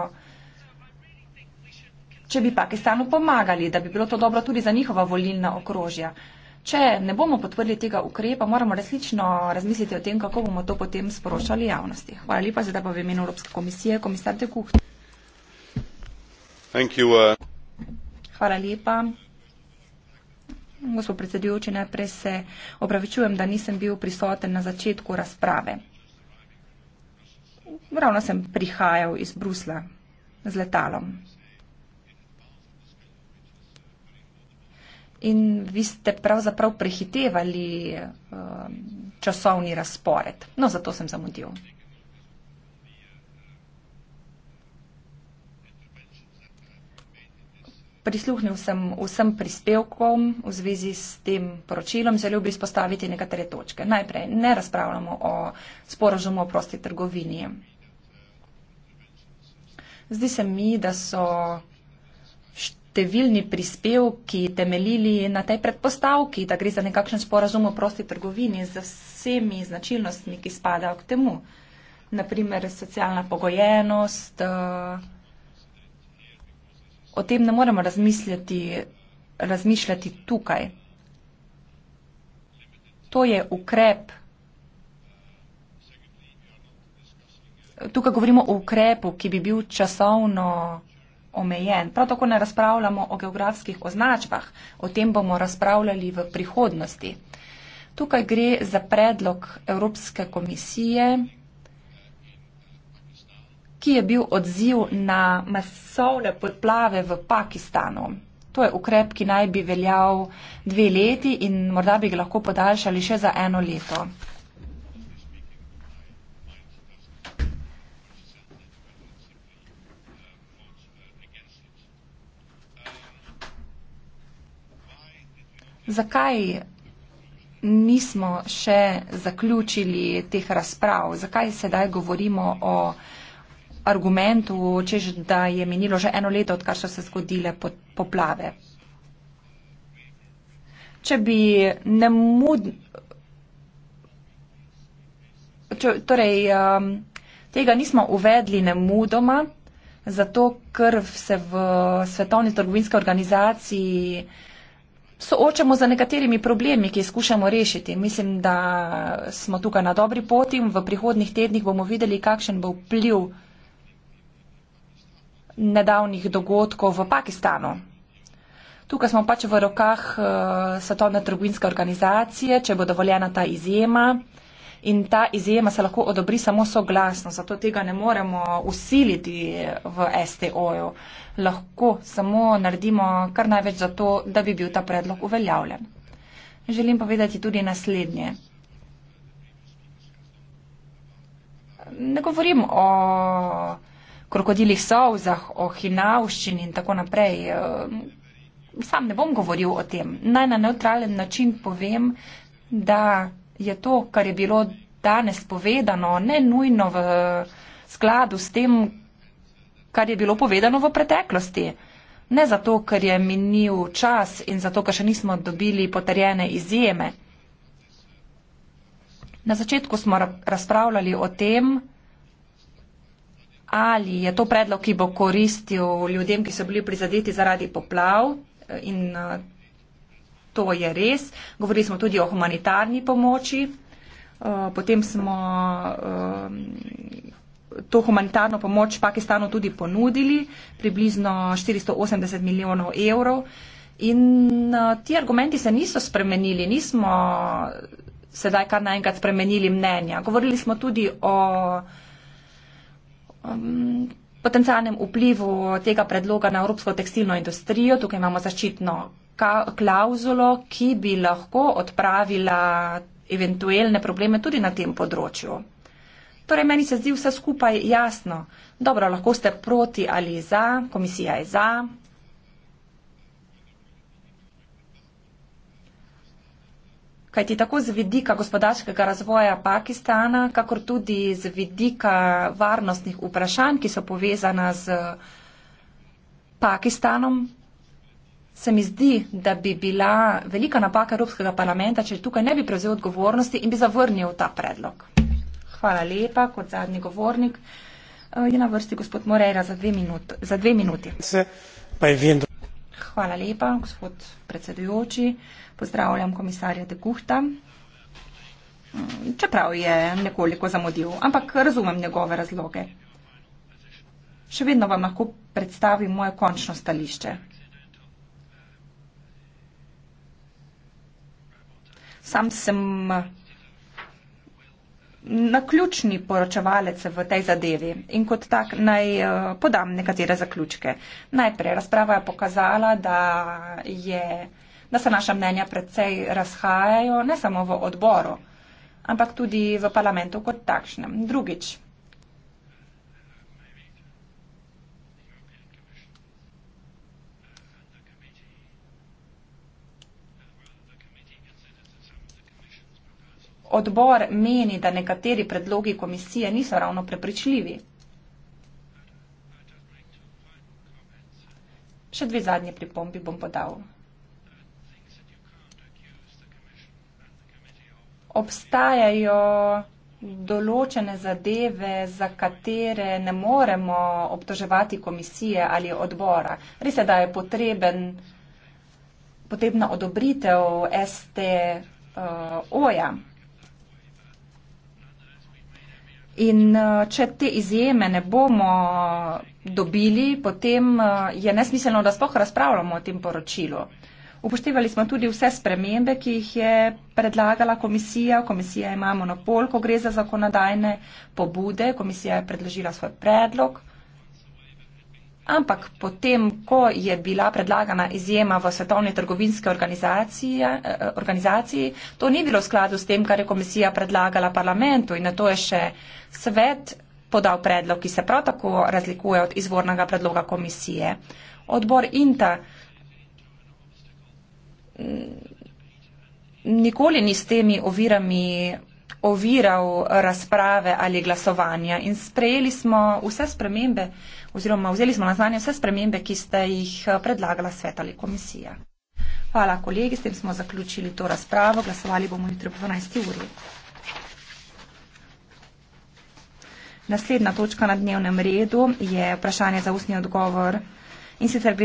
če bi Pakistanu pomagali, da bi bilo to dobro tudi za njihova volilna okrožja. Če ne bomo potvrdili tega ukrepa, moramo resnično razmisliti o tem, kako bomo to potem sporočali javnosti. Hvala lepa, zdaj pa v imenu Evropske komisije, komisar Dekuht. Thank you. Uh... Hvala lepa. Gospod predsedujoči, najprej se opravičujem, da nisem bil prisoten na začetku razprave. Ravno sem prihajal iz Brusla z letalom. In vi ste pravzaprav prehitevali eh, časovni razpored. No, zato sem zamudil. prisluhnil sem vsem prispevkom v zvezi s tem poročilom, želel bi izpostaviti nekatere točke. Najprej, ne razpravljamo o sporožumu o prosti trgovini. Zdi se mi, da so številni prispevki temeljili na tej predpostavki, da gre za nekakšen sporazum o prosti trgovini z vsemi značilnostmi, ki spadajo k temu. Naprimer, socialna pogojenost, uh, o tem ne moremo razmisliti, razmišljati tukaj. To je ukrep. Tukaj govorimo o ukrepu, ki bi bil časovno omejen. Prav tako ne razpravljamo o geografskih označbah. O tem bomo razpravljali v prihodnosti. Tukaj gre za predlog Evropske komisije, ki je bil odziv na masovne poplave v Pakistanu. To je ukrep, ki naj bi veljal dve leti in morda bi ga lahko podaljšali še za eno leto. Zakaj nismo še zaključili teh razprav? Zakaj sedaj govorimo o argumentu, češ, da je minilo že eno leto, odkar so se zgodile poplave. Če bi ne mud... Torej, um, tega nismo uvedli ne mudoma, zato ker se v svetovni trgovinske organizaciji soočamo za nekaterimi problemi, ki skušamo rešiti. Mislim, da smo tukaj na dobri poti in v prihodnih tednih bomo videli, kakšen bo vpliv nedavnih dogodkov v Pakistanu. Tukaj smo pač v rokah uh, Svetovne trgovinske organizacije, če bo dovoljena ta izjema. In ta izjema se lahko odobri samo soglasno, zato tega ne moremo usiliti eh, v STO-ju. Lahko samo naredimo kar največ za to, da bi bil ta predlog uveljavljen. Želim povedati tudi naslednje. Ne govorim o krokodilih solzah, o hinavščini in tako naprej. Eh, sam ne bom govoril o tem. Naj na neutralen način povem, da je to, kar je bilo danes povedano, ne nujno v skladu s tem, kar je bilo povedano v preteklosti. Ne zato, ker je minil čas in zato, ker še nismo dobili potrjene izjeme. Na začetku smo razpravljali o tem, ali je to predlog, ki bo koristil ljudem, ki so bili prizadeti zaradi poplav in eh, to je res. Govorili smo tudi o humanitarni pomoči, eh, potem smo eh, to humanitarno pomoč Pakistanu tudi ponudili, približno 480 milijonov evrov in ti argumenti se niso spremenili, nismo sedaj kar naenkrat spremenili mnenja. Govorili smo tudi o Um, potencialnem vplivu tega predloga na evropsko tekstilno industrijo. Tukaj imamo zaščitno klauzulo, ki bi lahko odpravila eventuelne probleme tudi na tem področju. Torej, meni se zdi vse skupaj jasno. Dobro, lahko ste proti ali za, komisija je za, Kajti tako z vidika gospodarskega razvoja Pakistana, kakor tudi z vidika varnostnih vprašanj, ki so povezana z Pakistanom, se mi zdi, da bi bila velika napaka Evropskega parlamenta, če tukaj ne bi prevzel odgovornosti in bi zavrnil ta predlog. Hvala lepa, kot zadnji govornik. Eh, je na vrsti gospod Moreira za dve, minut, za dve minuti. Hvala lepa, gospod predsedujoči. Pozdravljam komisarja De Guhta. Čeprav je nekoliko zamudil, ampak razumem njegove razloge. Še vedno vam lahko predstavim moje končno stališče. Sam sem naključni poročevalec v tej zadevi in kot tak naj eh, podam nekatere zaključke. Najprej razprava je pokazala, da je da se naša mnenja predvsej razhajajo, ne samo v odboru, ampak tudi v parlamentu kot takšnem. Drugič. Odbor meni, da nekateri predlogi komisije niso ravno prepričljivi. Še dve zadnje pripombi bom podal. obstajajo določene zadeve, za katere ne moremo obtoževati komisije ali odbora. Res je, da je potreben, potrebna odobritev STO-ja. In eh, če te izjeme ne bomo dobili, potem eh, je nesmiselno, da spoh razpravljamo o tem poročilu. Upoštevali smo tudi vse spremembe, ki jih je predlagala komisija. Komisija ima monopol, ko gre za zakonodajne pobude. Komisija je predložila svoj predlog. Ampak potem, ko je bila predlagana izjema v Svetovni trgovinske organizaciji, eh, organizaciji, to ni bilo v skladu s tem, kar je komisija predlagala parlamentu in na to je še svet podal predlog, ki se prav tako razlikuje od izvornega predloga komisije. Odbor INTA nikoli ni s temi ovirami oviral razprave ali glasovanja in sprejeli smo vse spremembe oziroma vzeli smo na znanje vse spremembe, ki ste jih eh, predlagala svet ali komisija. Hvala kolegi, s tem smo zaključili to razpravo, glasovali bomo jutri ob 12. uri. Naslednja točka na dnevnem redu je vprašanje za ustni odgovor in sicer gre